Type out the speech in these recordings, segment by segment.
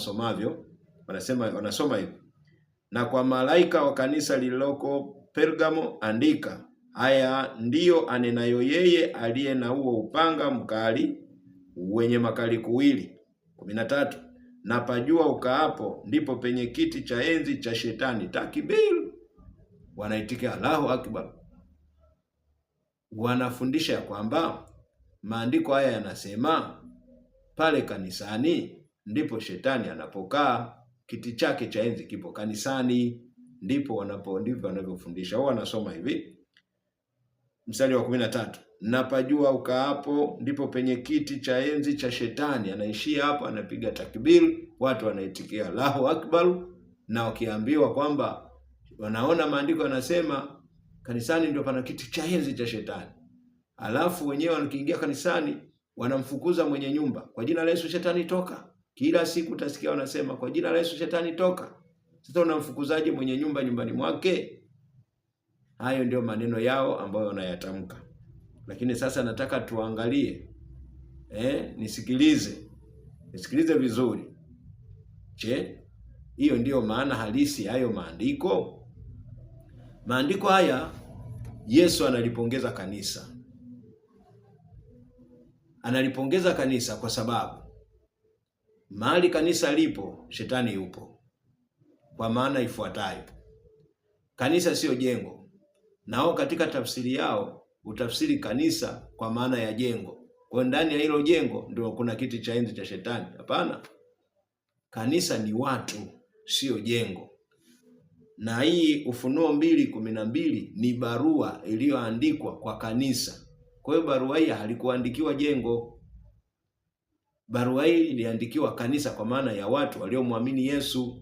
wasomavyo wanasema, wanasoma hivi: na kwa malaika wa kanisa lililoko Pergamo andika, haya ndiyo anenayo yeye aliye na huo upanga mkali wenye makali kuwili. kumi na tatu na pajua ukaapo ndipo penye kiti cha enzi cha shetani takbir. Wanaitikia Allahu akbar. Wanafundisha ya kwamba maandiko haya yanasema pale kanisani ndipo shetani anapokaa. Kiti chake cha enzi kipo kanisani, ndipo wanapo ndivyo wanavyofundisha. Wao wanasoma hivi, mstari wa kumi na tatu napajua ukaapo, ndipo penye kiti cha enzi cha shetani. Anaishia hapo, anapiga takbir, watu wanaitikia Allahu Akbar, na wakiambiwa kwamba wanaona maandiko yanasema kanisani ndio pana kiti cha enzi cha shetani, alafu wenyewe wanakiingia kanisani wanamfukuza mwenye nyumba kwa jina la Yesu, shetani toka kila siku utasikia wanasema kwa jina la Yesu shetani toka. Sasa unamfukuzaje mwenye nyumba nyumbani mwake? Hayo ndio maneno yao ambayo wanayatamka. Lakini sasa nataka tuangalie, eh, nisikilize, nisikilize vizuri. Je, hiyo ndiyo maana halisi hayo maandiko? Maandiko haya Yesu analipongeza kanisa, analipongeza kanisa kwa sababu mahali kanisa lipo, shetani yupo, kwa maana ifuatayo: kanisa siyo jengo, nao katika tafsiri yao utafsiri kanisa kwa maana ya jengo. Kwa ndani ya hilo jengo ndio kuna kiti cha enzi cha shetani? Hapana, kanisa ni watu, siyo jengo. Na hii Ufunuo mbili kumi na mbili ni barua iliyoandikwa kwa kanisa. Kwa hiyo barua hii halikuandikiwa jengo. Barua hii iliandikiwa kanisa kwa maana ya watu waliomwamini Yesu.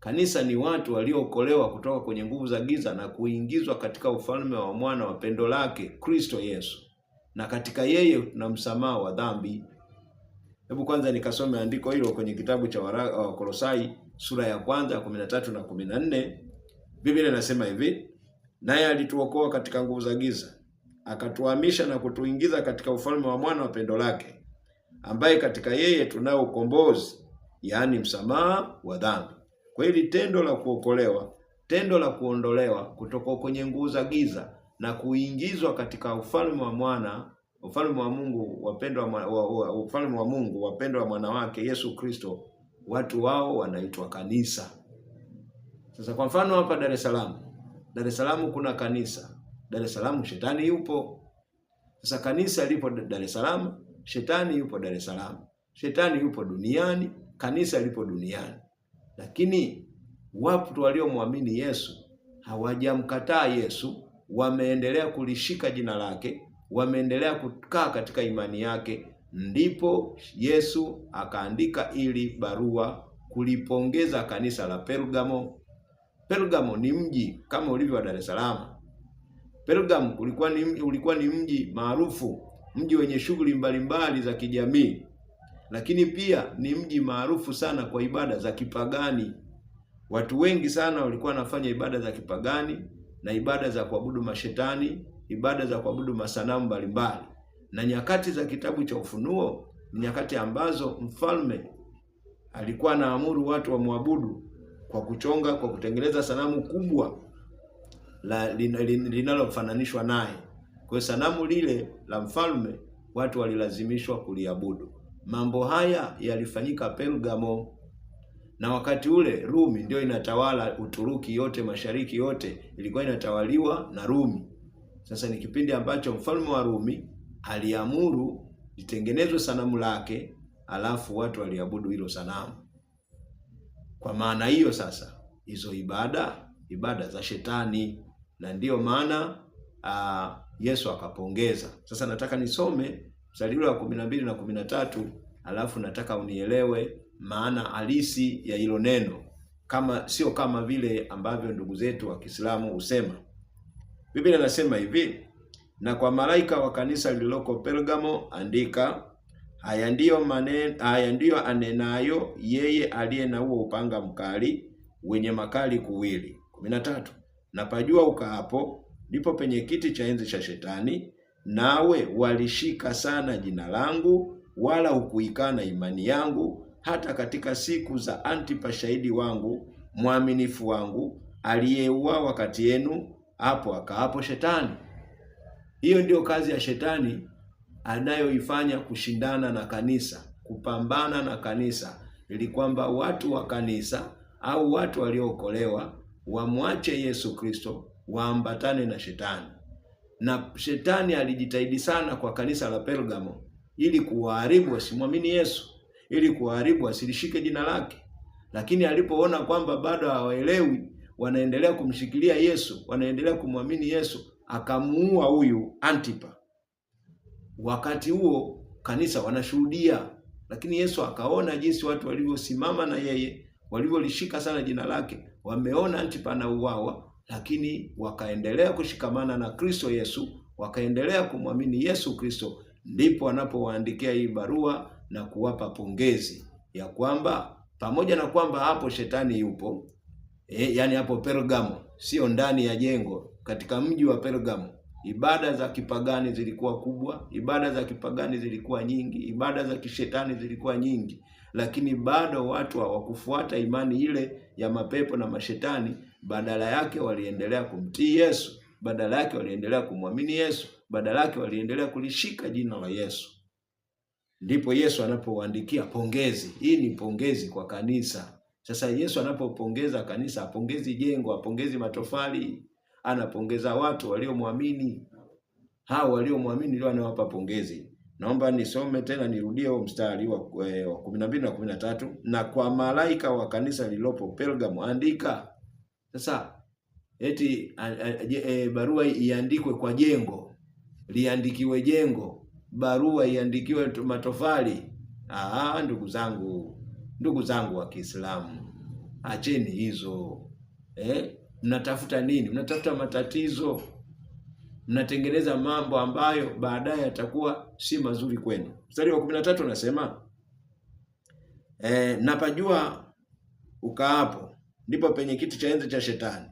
Kanisa ni watu waliookolewa kutoka kwenye nguvu za giza na kuingizwa katika ufalme wa mwana wa pendo lake Kristo Yesu, na katika yeye tuna msamaha wa dhambi. Hebu kwanza nikasome andiko hilo kwenye kitabu cha Wakolosai sura ya kwanza 13 na 14. Biblia inasema hivi, naye alituokoa katika nguvu za giza, akatuhamisha na kutuingiza katika ufalme wa mwana wa pendo lake ambaye katika yeye tunao ukombozi, yaani msamaha wa dhambi. Kwa hili tendo la kuokolewa, tendo la kuondolewa kutoka kwenye nguvu za giza na kuingizwa katika ufalme wa mwana ufalme wa Mungu wapendwa wa, wa, ufalme wa Mungu wapendwa wa mwanawake Yesu Kristo, watu wao wanaitwa kanisa. Sasa kwa mfano hapa Dar es Salaam, Dar es Salaam kuna kanisa. Dar es Salaam shetani yupo. Sasa kanisa lipo Dar es Salaam Shetani yupo Dar es Salaam, shetani yupo duniani, kanisa lipo duniani, lakini watu waliomwamini Yesu hawajamkataa Yesu, wameendelea kulishika jina lake, wameendelea kukaa katika imani yake. Ndipo Yesu akaandika ili barua kulipongeza kanisa la Pergamo. Pergamo ni mji kama ulivyo wa Dar es Salaam. Pergamo ulikuwa ni, ulikuwa ni mji maarufu mji wenye shughuli mbalimbali za kijamii, lakini pia ni mji maarufu sana kwa ibada za kipagani. Watu wengi sana walikuwa wanafanya ibada za kipagani na ibada za kuabudu mashetani, ibada za kuabudu masanamu mbalimbali. Na nyakati za kitabu cha Ufunuo ni nyakati ambazo mfalme alikuwa anaamuru watu wamwabudu kwa kuchonga, kwa kutengeneza sanamu kubwa linalofananishwa lin, lin, naye kwa sanamu lile la mfalme watu walilazimishwa kuliabudu. Mambo haya yalifanyika Pergamo, na wakati ule Rumi ndio inatawala Uturuki yote, mashariki yote ilikuwa inatawaliwa na Rumi. Sasa ni kipindi ambacho mfalme wa Rumi aliamuru litengenezwe sanamu lake, alafu watu waliabudu hilo sanamu. Kwa maana hiyo sasa hizo ibada ibada za shetani, na ndiyo maana ah, Yesu akapongeza. Sasa nataka nisome mstari wa kumi na mbili na kumi na tatu alafu nataka unielewe maana halisi ya hilo neno, kama sio kama vile ambavyo ndugu zetu wa Kiislamu husema. Biblia inasema hivi: na kwa malaika wa kanisa lililoko Pergamo andika, haya ndiyo maneno, haya ndiyo anenayo yeye aliye na huo upanga mkali wenye makali kuwili. 13 na pajua ukaapo ndipo penye kiti cha enzi cha Shetani, nawe walishika sana jina langu, wala hukuikana imani yangu, hata katika siku za Antipa shahidi wangu mwaminifu wangu, aliyeuawa kati yenu, hapo akaapo Shetani. Hiyo ndiyo kazi ya Shetani anayoifanya, kushindana na kanisa, kupambana na kanisa, ili kwamba watu wa kanisa au watu waliookolewa wamwache Yesu Kristo waambatane na shetani, na shetani alijitahidi sana kwa kanisa la Pergamo ili kuwaharibu wasimwamini Yesu, ili kuwaharibu asilishike jina lake, lakini alipoona kwamba bado hawaelewi, wanaendelea kumshikilia Yesu, wanaendelea kumwamini Yesu, akamuua huyu Antipa. Wakati huo kanisa wanashuhudia, lakini Yesu akaona jinsi watu walivyosimama na yeye, walivyolishika sana jina lake. Wameona Antipa anauawa, lakini wakaendelea kushikamana na Kristo Yesu, wakaendelea kumwamini Yesu Kristo, ndipo anapowaandikia hii barua na kuwapa pongezi ya kwamba pamoja na kwamba hapo shetani yupo e, yani hapo Pergamo, sio ndani ya jengo, katika mji wa Pergamo ibada za kipagani zilikuwa kubwa, ibada za kipagani zilikuwa nyingi, ibada za kishetani zilikuwa nyingi, lakini bado watu hawakufuata imani ile ya mapepo na mashetani, badala yake waliendelea kumtii Yesu, badala yake waliendelea kumwamini Yesu, badala yake waliendelea kulishika jina la Yesu. Ndipo Yesu anapoandikia pongezi. Hii ni pongezi kwa kanisa. Sasa Yesu anapopongeza kanisa, apongezi jengo, apongezi matofali, anapongeza watu waliomwamini. Hao waliomwamini ndio anawapa pongezi. Naomba nisome tena, nirudie huo mstari wa eh, kumi na mbili na kumi na tatu. Na kwa malaika wa kanisa lililopo Pergamo andika sasa eti a, a, e, barua iandikwe kwa jengo, liandikiwe jengo, barua iandikiwe matofali. Ah, ndugu zangu, ndugu zangu wa Kiislamu, acheni hizo eh. Mnatafuta nini? Mnatafuta matatizo, mnatengeneza mambo ambayo baadaye yatakuwa si mazuri kwenu. Mstari wa kumi na tatu unasema eh, napajua ukaapo ndipo penye kiti cha enzi cha Shetani,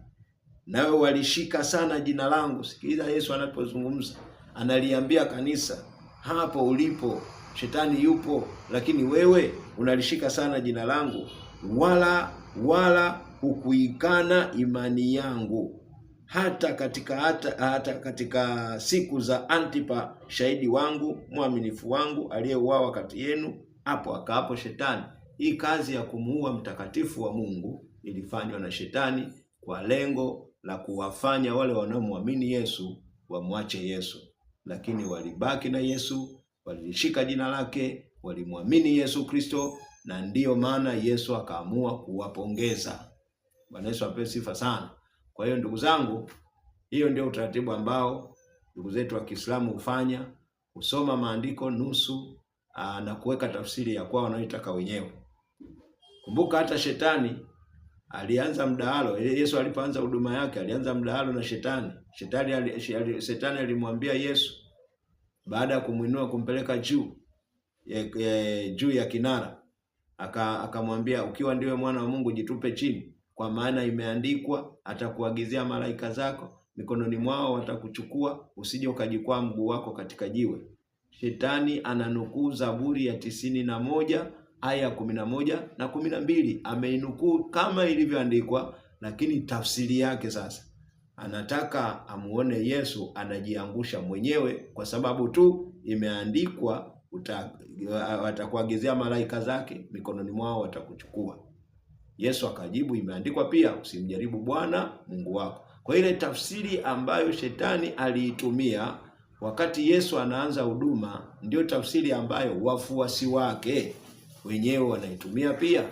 nawe walishika sana jina langu. Sikiliza Yesu anapozungumza, analiambia kanisa, hapo ulipo shetani yupo, lakini wewe unalishika sana jina langu, wala wala hukuikana imani yangu hata katika hata, hata katika siku za Antipa shahidi wangu mwaminifu wangu aliyeuawa kati yenu. Hapo akaapo shetani. Hii kazi ya kumuua mtakatifu wa Mungu ilifanywa na shetani kwa lengo la kuwafanya wale wanaomwamini Yesu wamwache Yesu, lakini walibaki na Yesu, walilishika jina lake, walimwamini Yesu Kristo, na ndiyo maana Yesu akaamua kuwapongeza. Bwana Yesu apewe sifa sana. Kwa hiyo ndugu zangu, hiyo ndio utaratibu ambao ndugu zetu wa Kiislamu hufanya, husoma maandiko nusu aa, ah, na kuweka tafsiri ya kwao wanaoitaka wenyewe. Kumbuka hata shetani alianza mdahalo. Yesu alipoanza huduma yake alianza mdahalo na shetani. Shetani ali, shetani alimwambia Yesu baada ya kumwinua kumpeleka juu e, e, juu ya kinara, akamwambia aka ukiwa ndiwe mwana wa Mungu jitupe chini, kwa maana imeandikwa, atakuagizia malaika zako mikononi mwao watakuchukua, usije ukajikwaa mguu wako katika jiwe. Shetani ananukuu Zaburi ya tisini na moja aya ya kumi na moja na kumi na mbili ameinukuu kama ilivyoandikwa, lakini tafsiri yake sasa anataka amuone Yesu anajiangusha mwenyewe kwa sababu tu imeandikwa, watakuagizia malaika zake mikononi mwao watakuchukua. Yesu akajibu, imeandikwa pia, usimjaribu Bwana Mungu wako. Kwa ile tafsiri ambayo shetani aliitumia wakati Yesu anaanza huduma, ndiyo tafsiri ambayo wafuasi wake wenyewe wanaitumia pia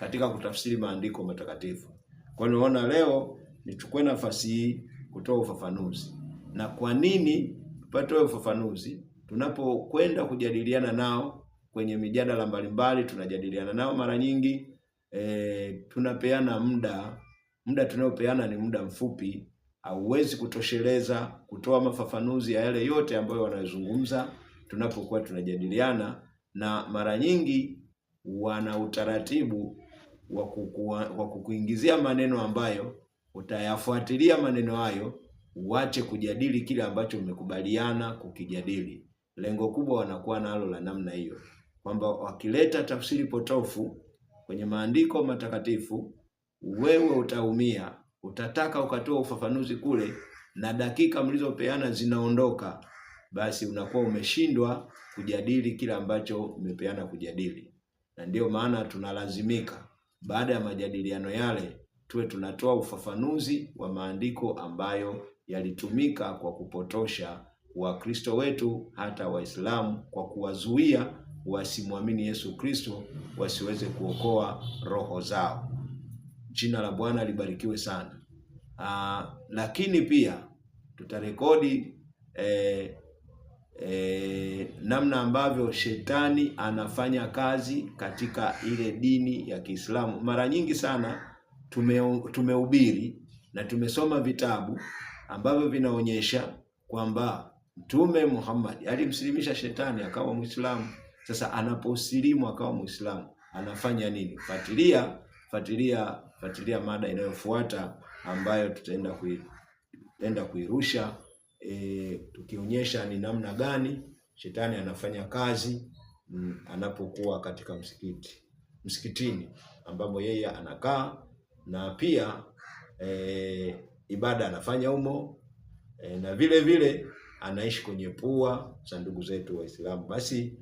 katika kutafsiri maandiko matakatifu. Kwa hiyo naona leo nichukue nafasi hii kutoa ufafanuzi, na kwa nini tupate ufafanuzi tunapokwenda kujadiliana nao kwenye mijadala mbalimbali. Tunajadiliana nao mara nyingi e, tunapeana muda. Muda tunaopeana ni muda mfupi, hauwezi kutosheleza kutoa mafafanuzi ya yale yote ambayo wanayozungumza tunapokuwa tunajadiliana na mara nyingi wana utaratibu wa kukuingizia maneno ambayo utayafuatilia maneno hayo, uache kujadili kile ambacho umekubaliana kukijadili. Lengo kubwa wanakuwa nalo la namna hiyo, kwamba wakileta tafsiri potofu kwenye maandiko matakatifu, wewe utaumia, utataka ukatoa ufafanuzi kule, na dakika mlizopeana zinaondoka basi unakuwa umeshindwa kujadili kile ambacho umepeana kujadili, na ndiyo maana tunalazimika baada ya majadiliano yale tuwe tunatoa ufafanuzi wa maandiko ambayo yalitumika kwa kupotosha Wakristo wetu hata Waislamu kwa kuwazuia wasimwamini Yesu Kristo wasiweze kuokoa roho zao. Jina la Bwana libarikiwe sana. Aa, ah, lakini pia tutarekodi eh, e, namna ambavyo shetani anafanya kazi katika ile dini ya Kiislamu. Mara nyingi sana tume, tumehubiri na tumesoma vitabu ambavyo vinaonyesha kwamba Mtume Muhammad alimsilimisha shetani akawa Muislamu. Sasa anaposilimu akawa Muislamu anafanya nini? fatilia fatilia, fatilia mada inayofuata ambayo tutaenda kuirusha e, tukionyesha ni namna gani shetani anafanya kazi m, mm, anapokuwa katika msikiti msikitini ambapo yeye anakaa na pia e, ibada anafanya humo e, na vile vile anaishi kwenye pua za ndugu zetu Waislamu. Basi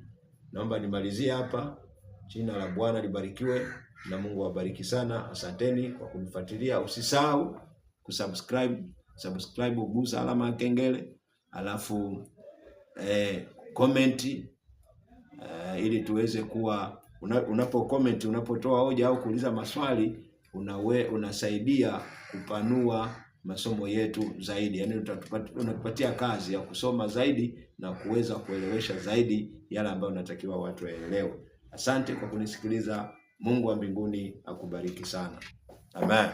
naomba nimalizie hapa. Jina la Bwana libarikiwe na Mungu awabariki sana. Asanteni kwa kunifuatilia, usisahau kusubscribe subscribe, gusa alama ya kengele, alafu eh, comment eh, ili tuweze kuwa una, unapo comment unapotoa hoja au kuuliza maswali unawe, unasaidia kupanua masomo yetu zaidi, yani unatupatia kazi ya kusoma zaidi na kuweza kuelewesha zaidi yale ambayo unatakiwa watu waelewe. Asante kwa kunisikiliza. Mungu wa mbinguni akubariki sana. Amen.